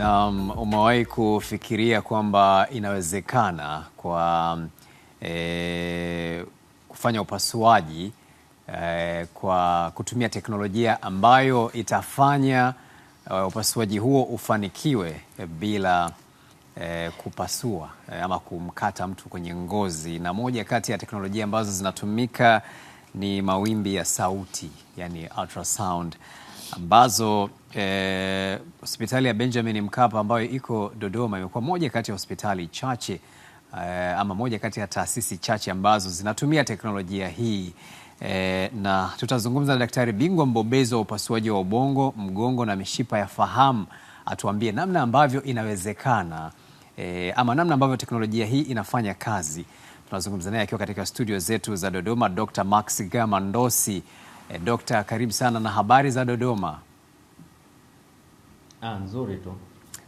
Naam, umewahi kufikiria kwamba inawezekana kwa e, kufanya upasuaji e, kwa kutumia teknolojia ambayo itafanya e, upasuaji huo ufanikiwe e, bila e, kupasua e, ama kumkata mtu kwenye ngozi. Na moja kati ya teknolojia ambazo zinatumika ni mawimbi ya sauti, yani ultrasound ambazo eh, hospitali ya Benjamin Mkapa ambayo iko Dodoma imekuwa moja kati ya hospitali chache eh, ama moja kati ya taasisi chache ambazo zinatumia teknolojia hii eh, na tutazungumza na daktari bingwa mbobezi wa upasuaji wa ubongo, mgongo na mishipa ya fahamu atuambie namna ambavyo inawezekana eh, ama namna ambavyo teknolojia hii inafanya kazi. Tunazungumza naye akiwa katika studio zetu za Dodoma, Dr. Max Gama Ndosi. E, Dokta, karibu sana na habari za Dodoma. Ah, nzuri tu.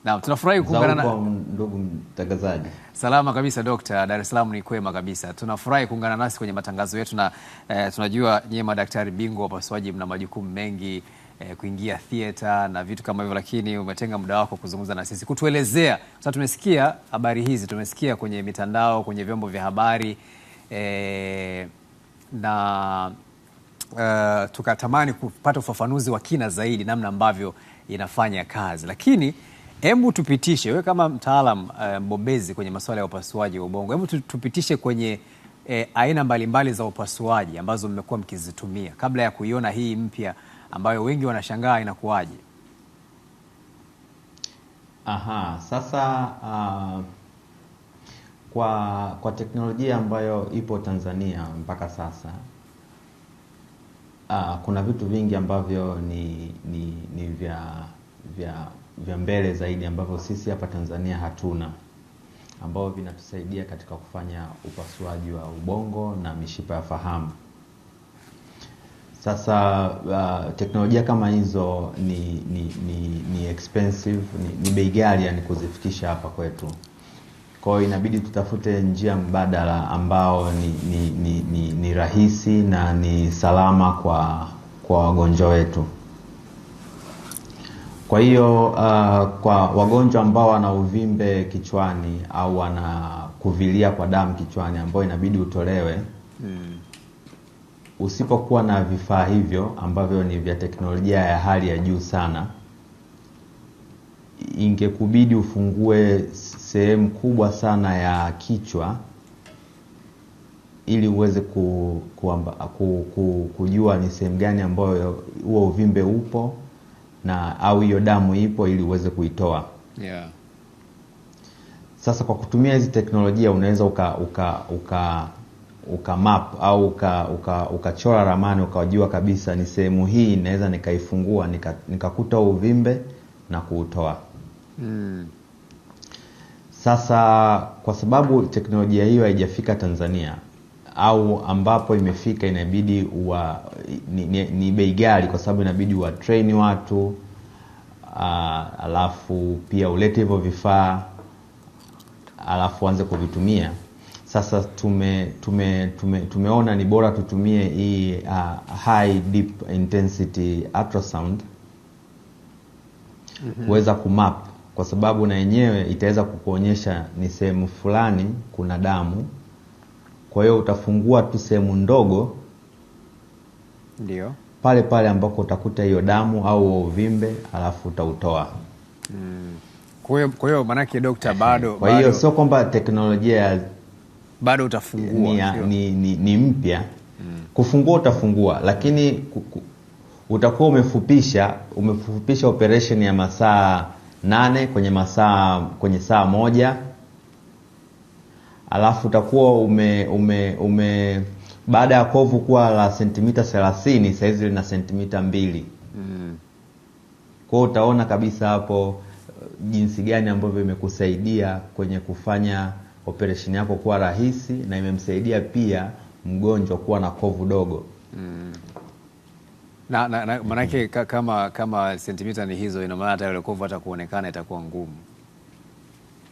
Naam, tunafurahi kuungana na ndugu mtangazaji. Salama kabisa Dokta, Dar es Salaam ni kwema kabisa. Tunafurahi kuungana nasi kwenye matangazo yetu na eh, tunajua nyie madaktari bingwa wapasuaji mna majukumu mengi eh, kuingia theatre na vitu kama hivyo, lakini umetenga muda wako kuzungumza na sisi kutuelezea. Sasa tumesikia habari hizi, tumesikia kwenye mitandao, kwenye vyombo vya habari eh, na uh, tukatamani kupata ufafanuzi wa kina zaidi namna ambavyo inafanya kazi, lakini hebu tupitishe, wewe kama mtaalam eh, mbobezi uh, kwenye masuala ya upasuaji wa ubongo, hebu tupitishe kwenye eh, aina mbalimbali za upasuaji ambazo mmekuwa mkizitumia kabla ya kuiona hii mpya ambayo wengi wanashangaa inakuwaje? Aha, sasa uh, kwa, kwa teknolojia ambayo ipo Tanzania mpaka sasa uh, kuna vitu vingi ambavyo ni, ni, ni vya, vya, vya mbele zaidi ambavyo sisi hapa Tanzania hatuna ambavyo vinatusaidia katika kufanya upasuaji wa ubongo na mishipa ya fahamu. Sasa uh, teknolojia kama hizo ni, ni, ni, ni expensive, ni, ni bei ghali yani kuzifikisha hapa kwetu kwao inabidi tutafute njia mbadala ambao ni, ni, ni, ni, ni rahisi na ni salama kwa kwa wagonjwa wetu. Kwa hiyo uh, kwa wagonjwa ambao wana uvimbe kichwani au wana kuvilia kwa damu kichwani ambao inabidi utolewe mm. Usipokuwa na vifaa hivyo ambavyo ni vya teknolojia ya hali ya juu sana, ingekubidi ufungue sehemu kubwa sana ya kichwa ili uweze ku, kuamba, ku, ku, kujua ni sehemu gani ambayo huo uvimbe upo na au hiyo damu ipo ili uweze kuitoa yeah. Sasa kwa kutumia hizi teknolojia unaweza uka, uka, uka, uka map au ukachora uka, uka ramani ukajua kabisa ni sehemu hii inaweza nikaifungua nikakuta nika uvimbe na kuutoa mm. Sasa kwa sababu teknolojia hiyo haijafika Tanzania au ambapo imefika inabidi wa ni, ni, ni bei gari kwa sababu inabidi watreini watu uh, alafu pia ulete hivyo vifaa alafu uanze kuvitumia. Sasa tume, tume, tume, tumeona ni bora tutumie hii uh, high deep intensity ultrasound mhm. kuweza mm -hmm. kumap kwa sababu na yenyewe itaweza kukuonyesha ni sehemu fulani kuna damu. Kwa hiyo utafungua tu sehemu ndogo, ndio pale pale ambako utakuta hiyo damu au uvimbe, alafu utautoa. Mm. Kwa hiyo maanake dokta, bado kwa hiyo sio kwamba teknolojia bado utafungua ni, ni, ni mpya mm. Kufungua utafungua, lakini ku, utakuwa umefupisha umefupisha operation ya masaa nane kwenye masaa kwenye saa moja alafu utakuwa ume, ume, ume baada ya kovu kuwa la sentimita thelathini sahizi lina sentimita mbili mm. kwao utaona kabisa hapo uh, jinsi gani ambavyo imekusaidia kwenye kufanya operesheni yako kuwa rahisi na imemsaidia pia mgonjwa kuwa na kovu dogo mm na, na, na maanake kama kama sentimita ni hizo, ina maana hata ile kovu hata kuonekana itakuwa ngumu,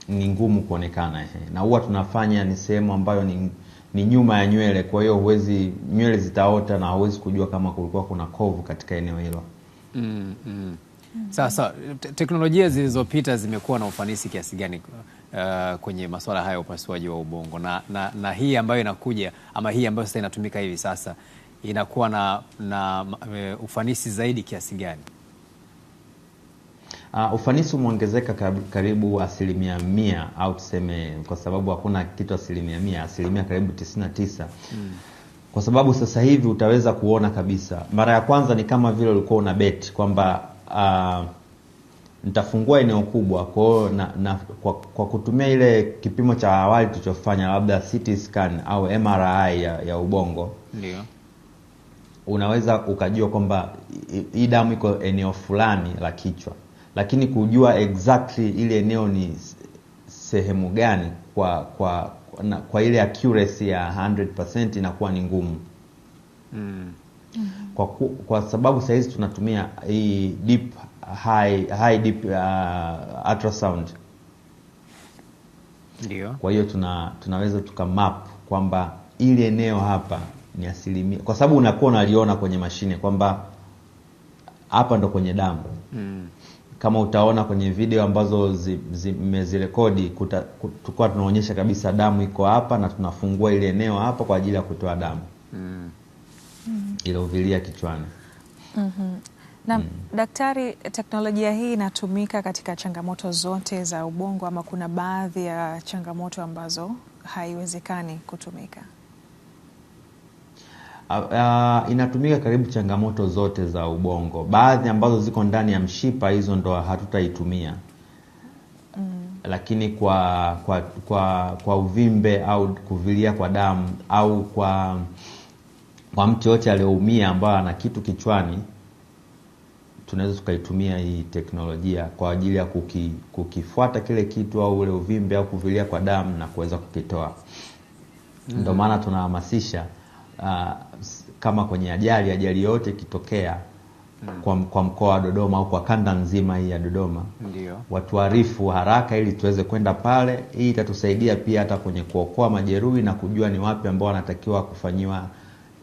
ni ngumu kuonekana. Eh. Na huwa tunafanya ni sehemu ambayo ni, ni nyuma ya nywele, kwa hiyo huwezi, nywele zitaota na huwezi kujua kama kulikuwa kuna kovu katika eneo hilo. mm, mm. Sasa teknolojia zilizopita zimekuwa na ufanisi kiasi gani uh, kwenye masuala haya ya upasuaji wa ubongo na, na, na hii ambayo inakuja ama hii ambayo sasa inatumika hivi sasa inakuwa na, na uh, ufanisi zaidi kiasi gani? Uh, ufanisi umeongezeka karibu asilimia mia au tuseme, kwa sababu hakuna kitu asilimia mia, asilimia karibu 99 mm. Kwa sababu sasa hivi utaweza kuona kabisa. Mara ya kwanza ni kama vile ulikuwa una bet kwamba uh, nitafungua eneo kubwa kwa na, na, kwa, kwa kutumia ile kipimo cha awali tulichofanya labda CT scan au MRI ya, ya ubongo. Ndio unaweza ukajua kwamba hii damu iko eneo fulani la kichwa, lakini kujua exactly ile eneo ni sehemu gani kwa kwa na, kwa ile accuracy ya 100% inakuwa ni ngumu mm. Mm-hmm. Kwa, ku, kwa sababu sahizi tunatumia hii deep high, high deep uh, ultrasound ndio. Kwa hiyo tuna tunaweza tukamap kwamba ili eneo hapa ni asilimia, kwa sababu unakuwa unaliona kwenye mashine kwamba hapa ndo kwenye damu mm. Kama utaona kwenye video ambazo mmezirekodi zi, tunaonyesha kabisa damu iko hapa na tunafungua ile eneo hapa kwa ajili ya kutoa damu mm. mm. iliovilia kichwani mm -hmm. Na mm. Daktari, teknolojia hii inatumika katika changamoto zote za ubongo ama kuna baadhi ya changamoto ambazo haiwezekani kutumika? uh, inatumika karibu changamoto zote za ubongo. Baadhi ambazo ziko ndani ya mshipa, hizo ndo hatutaitumia mm. Lakini kwa kwa kwa kwa uvimbe au kuvilia kwa damu au kwa kwa mtu yote aliyoumia ambayo ana kitu kichwani, tunaweza tukaitumia hii teknolojia kwa ajili ya kuki, kukifuata kile kitu au ule uvimbe au kuvilia kwa damu na kuweza kukitoa. Ndio mm-hmm. maana tunahamasisha uh, kama kwenye ajali ajali yote ikitokea hmm. kwa, kwa mkoa wa Dodoma au kwa kanda nzima hii ya Dodoma ndio watuarifu haraka ili tuweze kwenda pale. Hii itatusaidia pia hata kwenye kuokoa majeruhi na kujua ni wapi ambao wanatakiwa kufanyiwa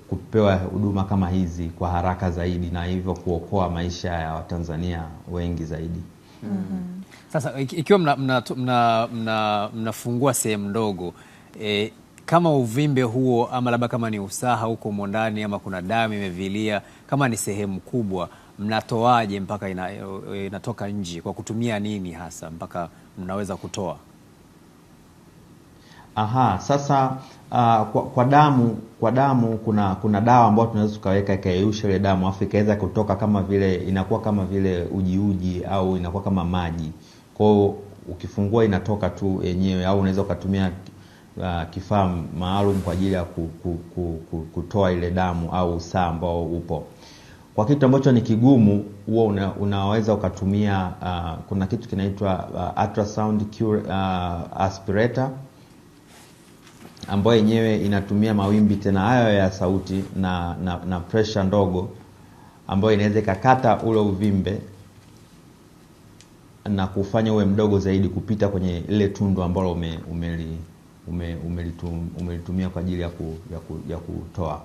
kupewa huduma kama hizi kwa haraka zaidi na hivyo kuokoa maisha ya Watanzania wengi zaidi. mm -hmm. Sasa ikiwa mnafungua mna, mna, mna, mna sehemu ndogo e, kama uvimbe huo ama labda kama ni usaha huko mwondani ama kuna damu imevilia, kama ni sehemu kubwa, mnatoaje mpaka ina, eh, inatoka nje? Kwa kutumia nini hasa mpaka mnaweza kutoa? Aha, sasa uh, kwa, kwa damu kwa damu kuna kuna dawa ambayo tunaweza tukaweka ikayeyusha ile damu afu ikaweza kutoka kama vile inakuwa kama vile ujiuji au inakuwa kama maji. Kwa ukifungua inatoka tu yenyewe, au unaweza ukatumia uh, kifaa maalum kwa ajili ya ku, ku, ku, ku, kutoa ile damu au usaa ambao upo kwa kitu ambacho ni kigumu, huo una, unaweza ukatumia uh, kuna kitu kinaitwa uh, ultrasound cure, uh, aspirator ambayo yenyewe inatumia mawimbi tena hayo ya sauti na, na, na pressure ndogo ambayo inaweza ikakata ule uvimbe na kufanya uwe mdogo zaidi kupita kwenye ile tundu ambalo ume, umeli umelitumia ume ume kwa ajili ya, ku, ya, ku, ya kutoa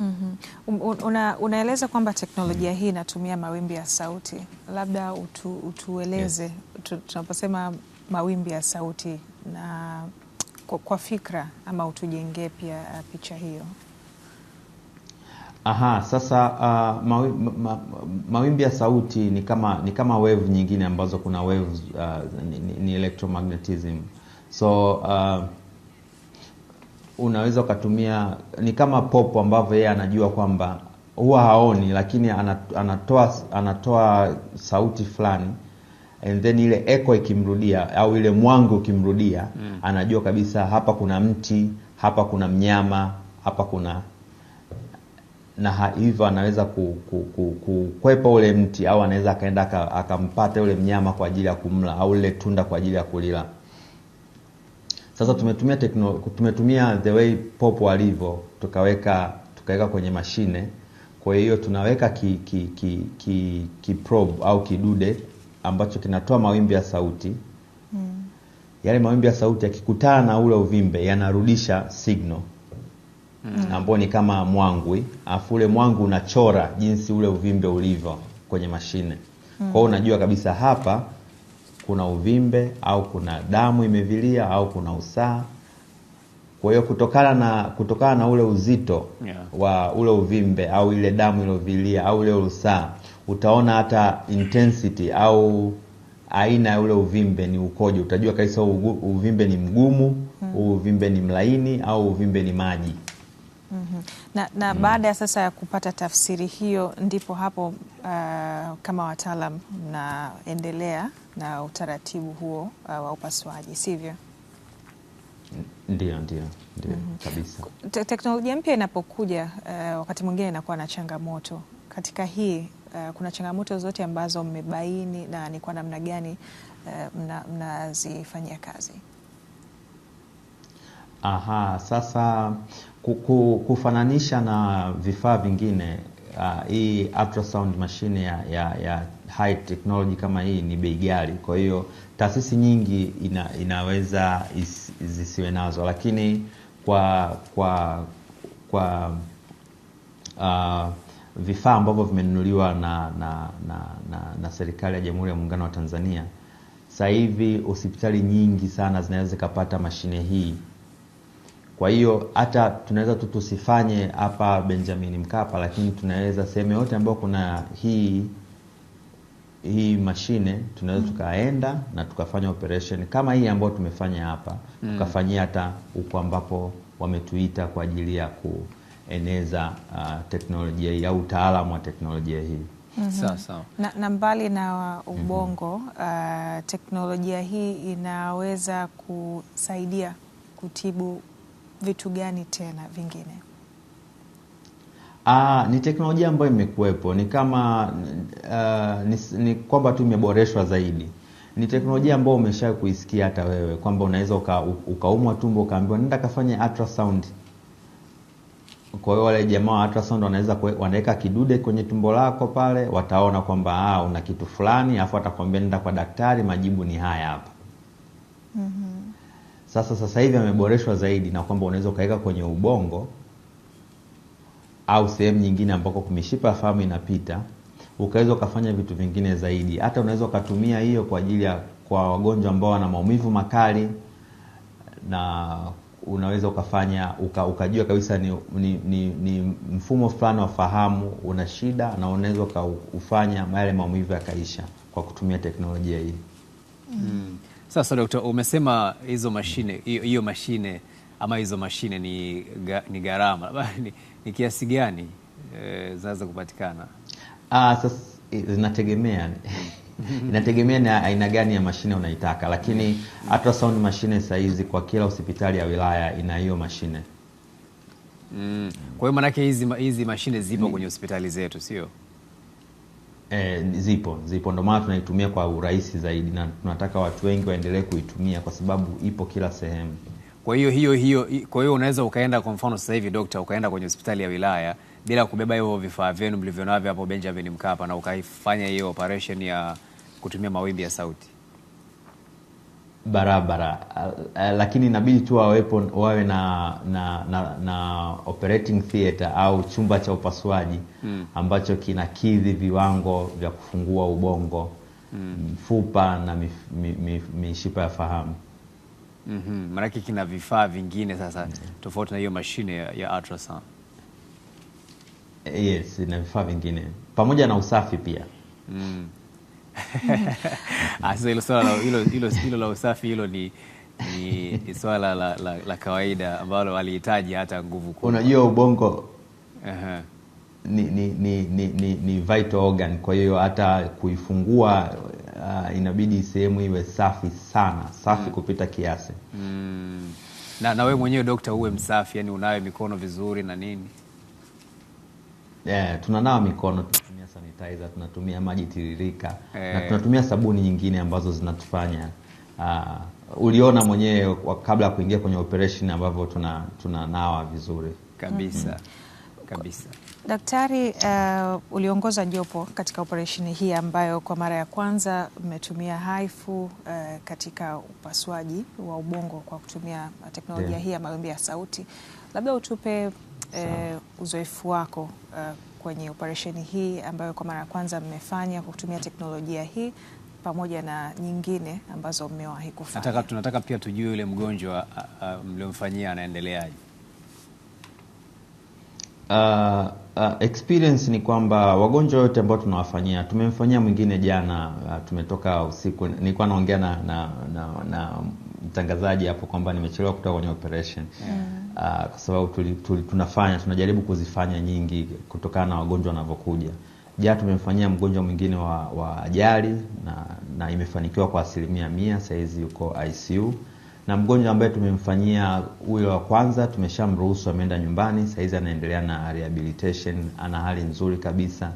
Mm -hmm. Una, unaeleza kwamba teknolojia hii inatumia mawimbi ya sauti, labda utu, utueleze yes. Tunaposema mawimbi ya sauti na kwa, kwa fikra ama utujengee pia uh, picha hiyo. Aha, sasa uh, mawimbi, ma, ma, mawimbi ya sauti ni kama, ni kama wave nyingine ambazo kuna wave uh, ni, ni electromagnetism so uh, unaweza ukatumia ni kama popo ambavyo yeye anajua kwamba huwa haoni lakini anatoa anatoa sauti fulani and then ile echo ikimrudia au ile mwangu ukimrudia mm. anajua kabisa hapa kuna mti hapa kuna mnyama hapa kuna na hivyo anaweza kukwepa ule mti au anaweza akaenda akampata ule mnyama kwa ajili ya kumla au ile tunda kwa ajili ya kulila sasa tumetumia tekno, tumetumia the way pop walivyo tukaweka tukaweka kwenye mashine. Kwa hiyo tunaweka ki, ki, ki, ki, ki probe au kidude ambacho kinatoa mawimbi ya sauti mm. Yale mawimbi ya sauti yakikutana na ule uvimbe yanarudisha signal mm. ambao ni kama mwangwi, afu ule mwangwi unachora jinsi ule uvimbe ulivyo kwenye mashine mm. Kwa hiyo mm. unajua kabisa hapa kuna uvimbe au kuna damu imevilia au kuna usaa Kwa hiyo kutokana na kutokana na ule uzito yeah. wa ule uvimbe au ile damu iliyovilia au ule usaa utaona hata intensity au aina ya ule uvimbe ni ukoje. Utajua kabisa uvimbe ni mgumu, hmm. uvimbe ni mlaini au uvimbe ni maji. Mm -hmm. Na, na mm. Baada ya sasa ya kupata tafsiri hiyo ndipo hapo uh, kama wataalam mnaendelea na utaratibu huo uh, wa upasuaji sivyo? Ndio, ndio, ndio mm -hmm. Kabisa. Te teknolojia mpya inapokuja uh, wakati mwingine inakuwa na changamoto katika hii uh, kuna changamoto zote ambazo mmebaini na ni kwa namna gani uh, mnazifanyia mna kazi? Aha, sasa kufananisha na vifaa vingine uh, hii ultrasound mashine ya, ya, ya high technology kama hii ni bei ghali, kwa hiyo taasisi nyingi ina, inaweza zisiwe nazo, lakini kwa kwa kwa uh, vifaa ambavyo vimenunuliwa na, na, na, na, na serikali ya Jamhuri ya Muungano wa Tanzania, sasa hivi hospitali nyingi sana zinaweza zikapata mashine hii kwa hiyo hata tunaweza tu tusifanye hapa Benjamin Mkapa, lakini tunaweza sehemu yote ambayo kuna hii hii mashine tunaweza mm. tukaenda na tukafanya operation kama hii ambayo tumefanya hapa mm. tukafanyia hata huko ambapo wametuita kwa ajili ya kueneza uh, teknolojia hii au utaalamu wa teknolojia hii. Mm -hmm. Na, na mbali na mm-hmm. ubongo mm -hmm. uh, teknolojia hii inaweza kusaidia kutibu vitu gani tena vingine? Aa, ah, ni teknolojia ambayo imekuwepo, ni kama uh, ni, ni kwamba tu imeboreshwa zaidi. Ni teknolojia ambayo umesha kuisikia hata wewe kwamba unaweza ukaumwa tumbo ukaambiwa nenda kafanye ultrasound. Kwa hiyo wale jamaa wa ultrasound wanaweza wanaweka kidude kwenye tumbo lako pale, wataona kwamba ah, una kitu fulani, afu atakwambia nenda kwa daktari, majibu ni haya hapa. mm -hmm. Sasa sasa hivi ameboreshwa zaidi na kwamba unaweza ukaweka kwenye ubongo au sehemu nyingine ambako mishipa ya fahamu inapita, ukaweza ukafanya vitu vingine zaidi. Hata unaweza ukatumia hiyo kwa ajili ya kwa wagonjwa ambao wana maumivu makali, na unaweza ukafanya uka, ukajua kabisa ni, ni, ni, ni mfumo fulani wa fahamu una shida, na unaweza ukaufanya yale maumivu yakaisha kwa kutumia teknolojia hii mm. Sasa daktari, umesema hizo mashine hiyo mashine ama hizo mashine ni, ni gharama ni, ni kiasi gani e, zinaweza kupatikana? Ah, sasa zinategemea inategemea na aina gani ya mashine unaitaka, lakini mm-hmm. ultrasound mashine sahizi kwa kila hospitali ya wilaya ina hiyo mashine mm. Kwa hiyo maanake hizi, hizi mashine zipo mm. kwenye hospitali zetu, sio? E, zipo zipo, ndio maana tunaitumia kwa urahisi zaidi, na tunataka watu wengi waendelee kuitumia kwa sababu ipo kila sehemu. Kwa hiyo hiyo hiyo, kwa hiyo unaweza ukaenda, kwa mfano sasa hivi dokta, ukaenda kwenye hospitali ya wilaya bila kubeba hivyo vifaa vyenu mlivyonavyo hapo Benjamin Mkapa, na ukaifanya hiyo operation ya kutumia mawimbi ya sauti barabara uh, lakini inabidi tu wawepo wawe na na, na na operating theater au chumba cha upasuaji mm. ambacho kinakidhi viwango vya kufungua ubongo hmm. mfupa na mif, mif, mif, mishipa ya fahamu mm -hmm. Maanake kina vifaa vingine sasa mm. tofauti na hiyo mashine ya, ya ultrasound. Eh, yes, ina vifaa vingine pamoja na usafi pia mm. Ah, hilo swala hilo la usafi hilo ni ni swala la, la, la kawaida ambalo alihitaji hata nguvu kubwa. Unajua ubongo uh-huh. ni, ni, ni, ni, ni, ni vital organ, kwa hiyo hata kuifungua uh, inabidi sehemu iwe safi sana, safi mm. kupita kiasi mm. na, na wewe mwenyewe dokta uwe msafi, yani unawe mikono vizuri na nini yeah, tunanawa mikono tunatumia sanitizer, tunatumia maji tiririka hey. na eh. tunatumia sabuni nyingine ambazo zinatufanya uh, uliona mwenyewe kabla ya kuingia kwenye operation ambavyo tunanawa tuna vizuri kabisa mm -hmm. kabisa Daktari, uh, uliongoza jopo katika operesheni hii ambayo kwa mara ya kwanza mmetumia haifu uh, katika upasuaji wa ubongo kwa kutumia teknolojia yeah. hii ya mawimbi ya sauti, labda utupe eh, uzoefu wako uh, kwenye operesheni hii ambayo kwa mara ya kwanza mmefanya kwa kutumia teknolojia hii pamoja na nyingine ambazo mmewahi kufanya. Nataka, tunataka pia tujue yule mgonjwa mliomfanyia anaendeleaje? Uh, uh, experience ni kwamba wagonjwa wote ambao tunawafanyia, tumemfanyia mwingine jana, uh, tumetoka usiku, nilikuwa naongea na, na, na, na mtangazaji hapo kwamba nimechelewa kutoka kwenye operation yeah. Mm. Uh, kwa sababu tuli, tuli, tunafanya tunajaribu kuzifanya nyingi kutokana na wagonjwa wanavyokuja. Jana tumemfanyia mgonjwa mwingine wa ajali na, na imefanikiwa kwa asilimia mia, sahizi yuko ICU na mgonjwa ambaye tumemfanyia huyo wa kwanza tumeshamruhusu ameenda nyumbani, sahizi anaendelea na rehabilitation, ana hali nzuri kabisa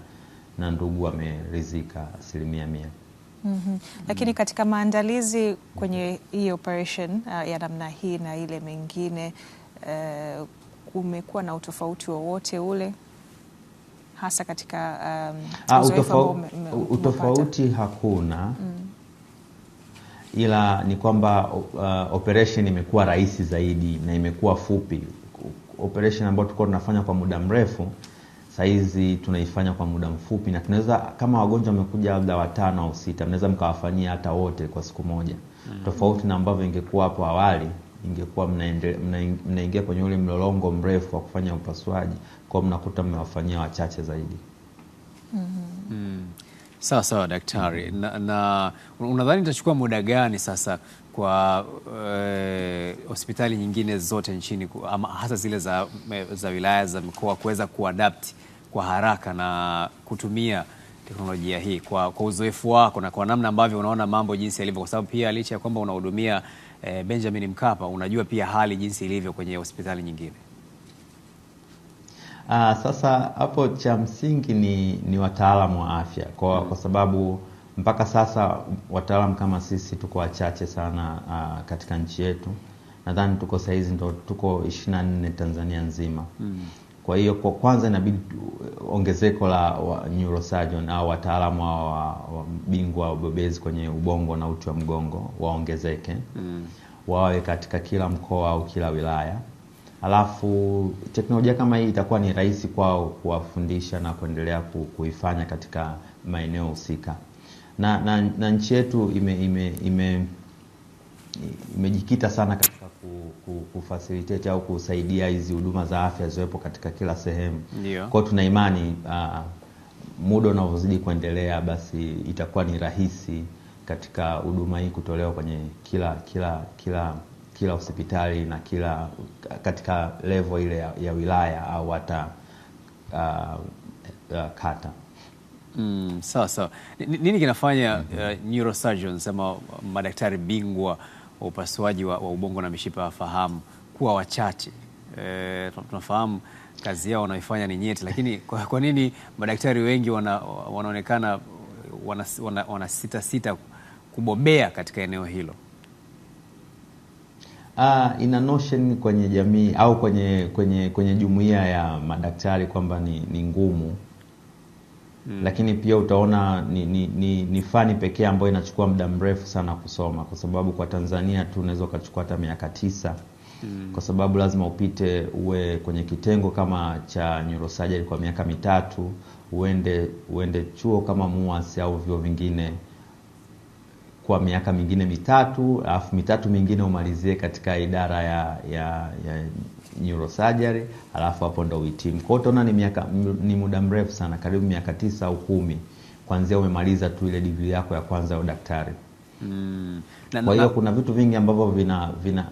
na ndugu ameridhika asilimia mia. Mm -hmm. Lakini katika maandalizi kwenye hii operation uh, ya namna hii na ile mengine uh, umekuwa na utofauti wowote ule hasa katika um, ah, uzoefu utofauti? Hakuna mm ila ni kwamba uh, operation imekuwa rahisi zaidi na imekuwa fupi. Operation ambayo tulikuwa tunafanya kwa muda mrefu saizi tunaifanya kwa muda mfupi, na tunaweza kama wagonjwa wamekuja labda watano au sita, mnaweza mkawafanyia hata wote kwa siku moja mm -hmm. Tofauti na ambavyo ingekuwa hapo awali, ingekuwa mnaingia kwenye ule mlolongo mrefu wa kufanya upasuaji, kwao, mnakuta mmewafanyia wachache zaidi mm-hmm. mm -hmm. mm. Sawa sawa daktari. Na, na unadhani itachukua muda gani sasa kwa eh, hospitali nyingine zote nchini ama hasa zile za, za wilaya za mikoa kuweza kuadapti kwa haraka na kutumia teknolojia hii kwa, kwa uzoefu wako na kwa namna ambavyo unaona mambo jinsi yalivyo, kwa sababu pia licha ya kwamba unahudumia e, Benjamin Mkapa, unajua pia hali jinsi ilivyo kwenye hospitali nyingine. Aa, ah, sasa hapo cha msingi ni, ni wataalamu wa afya kwa, mm. kwa sababu mpaka sasa wataalamu kama sisi tuko wachache sana aa, ah, katika nchi yetu nadhani tuko sahizi ndo tuko ishirini na nne Tanzania nzima mm. Kwa hiyo kwa kwanza inabidi ongezeko la wa, neurosurgeon au wataalamu wa bingwa ubobezi kwenye ubongo na uti wa mgongo waongezeke mm. Wawe katika kila mkoa au kila wilaya Alafu teknolojia kama hii itakuwa ni rahisi kwao kuwafundisha na kuendelea kuifanya katika maeneo husika. Na, na, na nchi yetu ime, ime, ime imejikita sana katika kufacilitate au kusaidia hizi huduma za afya ziwepo katika kila sehemu. Kwao tuna imani uh, muda unavyozidi kuendelea basi itakuwa ni rahisi katika huduma hii kutolewa kwenye kila kila kila kila hospitali na kila katika levo ile ya, ya wilaya au hata uh, uh, kata. Mm, sawa sawa. Nini kinafanya mm -hmm. uh, neurosurgeons ama madaktari bingwa wa upasuaji wa, wa ubongo na mishipa ya fahamu kuwa wachache? E, tunafahamu kazi yao wanaoifanya ni nyeti, lakini kwa, kwa nini madaktari wengi wana, wanaonekana wanasitasita wana sita kubobea katika eneo hilo? Uh, ina notion kwenye jamii au kwenye kwenye kwenye jumuiya ya madaktari kwamba ni, ni ngumu Hmm. Lakini pia utaona ni, ni, ni, ni fani pekee ambayo inachukua muda mrefu sana kusoma, kwa sababu kwa Tanzania tu unaweza ukachukua hata miaka tisa hmm. Kwa sababu lazima upite uwe kwenye kitengo kama cha neurosurgery kwa miaka mitatu, uende uende chuo kama MUAS au vyuo vingine kwa miaka mingine mitatu, alafu mitatu mingine umalizie katika idara ya, ya, ya neurosurgery, alafu hapo ndo uhitimu. kwao utaona ni miaka ni muda mrefu sana, karibu miaka tisa au kumi kwanzia umemaliza tu ile digrii yako ya kwanza ya udaktari. Mm. Kwa hiyo kuna vitu vingi ambavyo vina, vina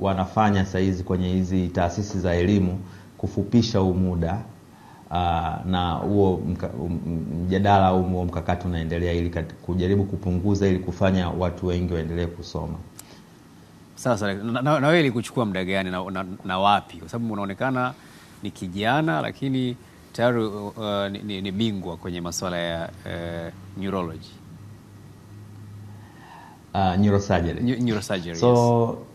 wanafanya sahizi kwenye hizi taasisi za elimu kufupisha huu muda Ah, na huo um, mjadala au huo mkakati unaendelea ili kujaribu kupunguza ili kufanya watu wengi waendelee kusoma. Sasa na, na, na wewe ilikuchukua muda gani na, na, na wapi? Kwa sababu unaonekana ni kijana lakini tayari uh, uh ni, ni bingwa kwenye masuala ya uh, neurology uh, neurosurgery. Neurosurgery, so yes.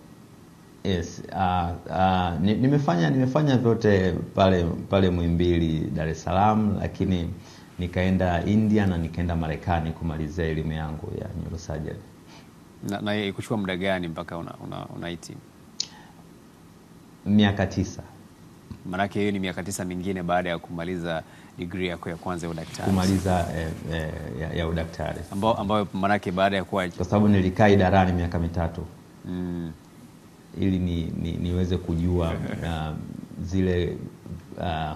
Yes, uh, uh, nimefanya nimefanya vyote pale pale Muhimbili Dar es Salaam, lakini nikaenda India na nikaenda Marekani kumalizia elimu yangu ya neurosurgery. Na, na ikuchukua muda gani mpaka unahitimu? Una, una miaka tisa. Maanake hiyo ni miaka tisa mingine baada ya kumaliza degree yako ya kwanza ya udaktari. Kumaliza eh, eh, ya, ya udaktari ambayo maanake baada ya kuwa, kwa sababu nilikaa idarani miaka mitatu mm ili ni, ni, niweze kujua uh, zile uh,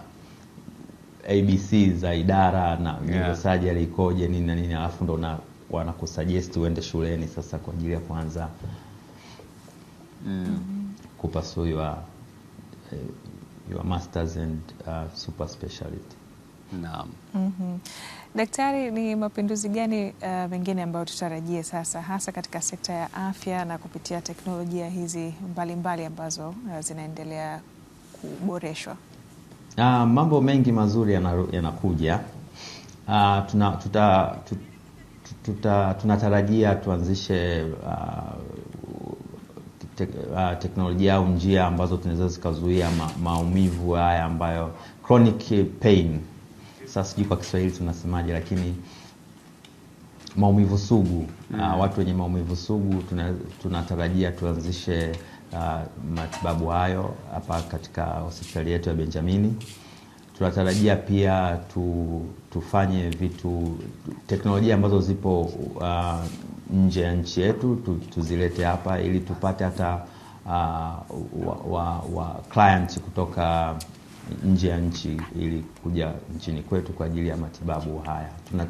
ABC za idara na yeah. sajari ikoje nini na nini, alafu ndo na wanakusuggest uende shuleni sasa kwa ajili ya kuanza mm. kupasua your, eh, your masters and uh, super speciality Naam. mm -hmm. Daktari, ni mapinduzi gani uh, mengine ambayo tutarajie sasa hasa katika sekta ya afya na kupitia teknolojia hizi mbalimbali mbali ambazo uh, zinaendelea kuboreshwa? Uh, mambo mengi mazuri yanakuja ya uh, tuna, tuta, tut, tuta, tunatarajia tuanzishe uh, te, uh, teknolojia au njia ambazo tunaweza zikazuia ma, maumivu haya ambayo chronic pain sasa sijui kwa Kiswahili tunasemaje, lakini maumivu sugu mm. Uh, watu wenye maumivu sugu tunatarajia tuna tuanzishe uh, matibabu hayo hapa katika hospitali yetu ya Benjamini. Tunatarajia pia tu, tufanye vitu teknolojia ambazo zipo uh, nje ya nchi yetu tu, tuzilete hapa ili tupate hata uh, wa, wa, wa client kutoka nje ya nchi ili kuja nchini kwetu kwa ajili ya matibabu haya.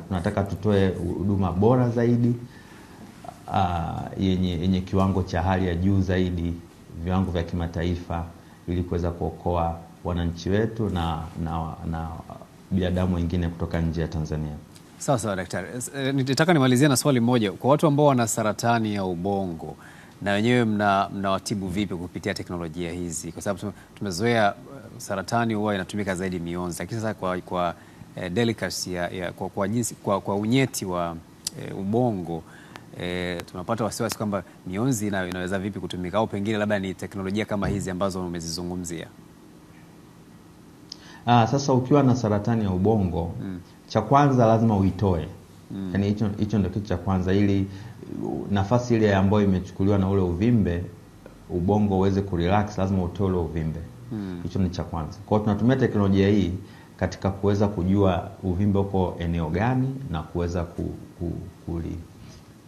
Tunataka tutoe huduma bora zaidi uh, yenye, yenye kiwango cha hali ya juu zaidi, viwango vya kimataifa ili kuweza kuokoa wananchi wetu na, na, na binadamu wengine kutoka nje ya Tanzania. Sawa sawa daktari, eh, eh, nitaka nimalizie na swali moja kwa watu ambao wana saratani ya ubongo na wenyewe mnawatibu mna vipi kupitia teknolojia hizi? Kwa sababu tumezoea uh, saratani huwa inatumika zaidi mionzi, lakini sasa kwa, kwa eh, delicacy ya, ya, kwa, kwa, jinsi, kwa, kwa unyeti wa eh, ubongo eh, tunapata wasiwasi kwamba mionzi ina, inaweza vipi kutumika au pengine labda ni teknolojia kama hizi ambazo umezizungumzia. Ah, sasa ukiwa na saratani ya ubongo mm. cha kwanza lazima uitoe mm. Yaani hicho hicho ndio kitu cha kwanza ili nafasi ile ambayo imechukuliwa na ule uvimbe ubongo uweze kurelax, lazima utoe ule uvimbe hmm. hicho. Hmm. Ni cha kwanza. kwao. tunatumia teknolojia hii katika kuweza kujua uvimbe uko eneo gani na kuweza ku, ku, kuli,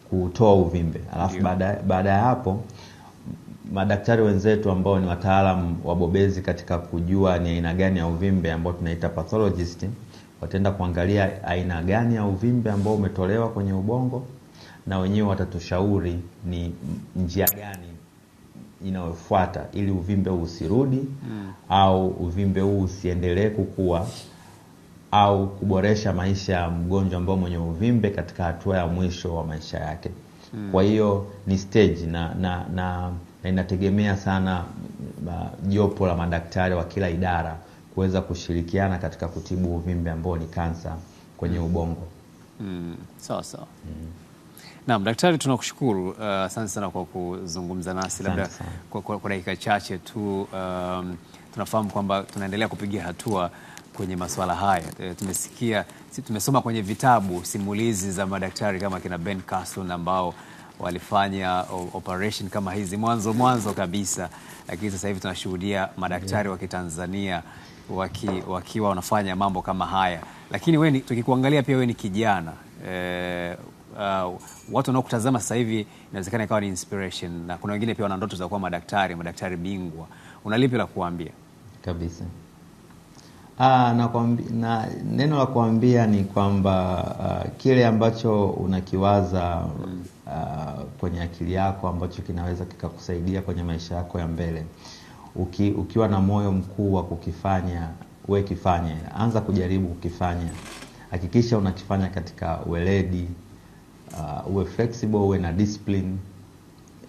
kutoa uvimbe alafu baada ya hapo madaktari wenzetu ambao ni wataalam wabobezi katika kujua ni aina gani ya uvimbe ambao tunaita pathologist, wataenda kuangalia aina gani ya uvimbe ambao umetolewa kwenye ubongo na wenyewe watatushauri ni njia gani inayofuata ili uvimbe huu usirudi mm. au uvimbe huu usiendelee kukua au kuboresha maisha ya mgonjwa ambao mwenye uvimbe katika hatua ya mwisho wa maisha yake mm. Kwa hiyo ni stage na, na, na, na inategemea sana uh, jopo la madaktari wa kila idara kuweza kushirikiana katika kutibu uvimbe ambao ni kansa kwenye hmm. ubongo mm. so, so. Mm. Naam, daktari tunakushukuru, uh, asante uh, sana kwa kuzungumza nasi labda kwa, kwa, kwa dakika chache tu um, tunafahamu kwamba tunaendelea kupiga hatua kwenye masuala haya. Eh, tumesikia, tumesoma kwenye vitabu simulizi za madaktari kama kina Ben Carson ambao walifanya operation kama hizi mwanzo mwanzo kabisa, lakini sasa hivi tunashuhudia madaktari wa Kitanzania waki, wakiwa wanafanya mambo kama haya. Lakini we, tukikuangalia pia wewe ni kijana e, uh, watu wanaokutazama sasa hivi inawezekana ikawa ni inspiration, na kuna wengine pia wana ndoto za kuwa madaktari, madaktari bingwa. Una lipi la kuambia? Kabisa. Aa, ah, na, kuambi, na neno la kuambia ni kwamba uh, kile ambacho unakiwaza uh, kwenye akili yako ambacho kinaweza kikakusaidia kwenye maisha yako ya mbele uki, ukiwa na moyo mkuu wa kukifanya we kifanye, anza kujaribu kukifanya, hakikisha unakifanya katika weledi uh, uwe flexible, uwe na discipline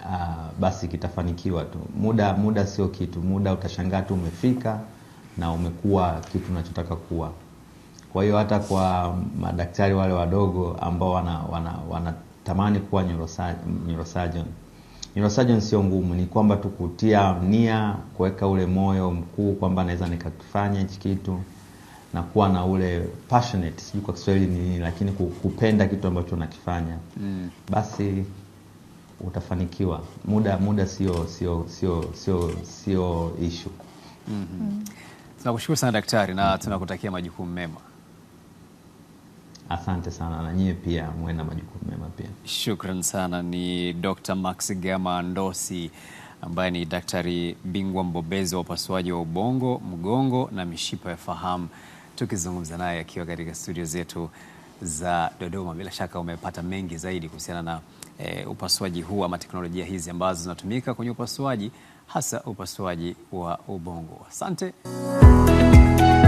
uh, basi kitafanikiwa tu. Muda muda sio kitu, muda utashangaa tu umefika na umekuwa kitu unachotaka kuwa. Kwa hiyo hata kwa madaktari wale wadogo ambao wanatamani wana, wana kuwa neurosurgeon neurosurgeon sio ngumu, ni kwamba tu kutia nia, kuweka ule moyo mkuu kwamba naweza nikakifanya hichi kitu na kuwa na ule passionate, sijui kwa Kiswahili ni nini, lakini kupenda kitu ambacho unakifanya mm. basi utafanikiwa. Muda muda sio sio sio sio sio issue. mm -hmm. mm. Tunakushukuru sana daktari na mm -hmm. tunakutakia majukumu mema. Asante sana na nyie pia mwe na majukumu mema pia. Shukran sana. Ni Dr. Max Gama Ndosi ambaye ni daktari bingwa mbobezi wa upasuaji wa ubongo, mgongo na mishipa ya fahamu tukizungumza naye akiwa katika studio zetu za Dodoma. Bila shaka umepata mengi zaidi kuhusiana na e, upasuaji huu ama teknolojia hizi ambazo zinatumika kwenye upasuaji hasa upasuaji wa ubongo. Asante.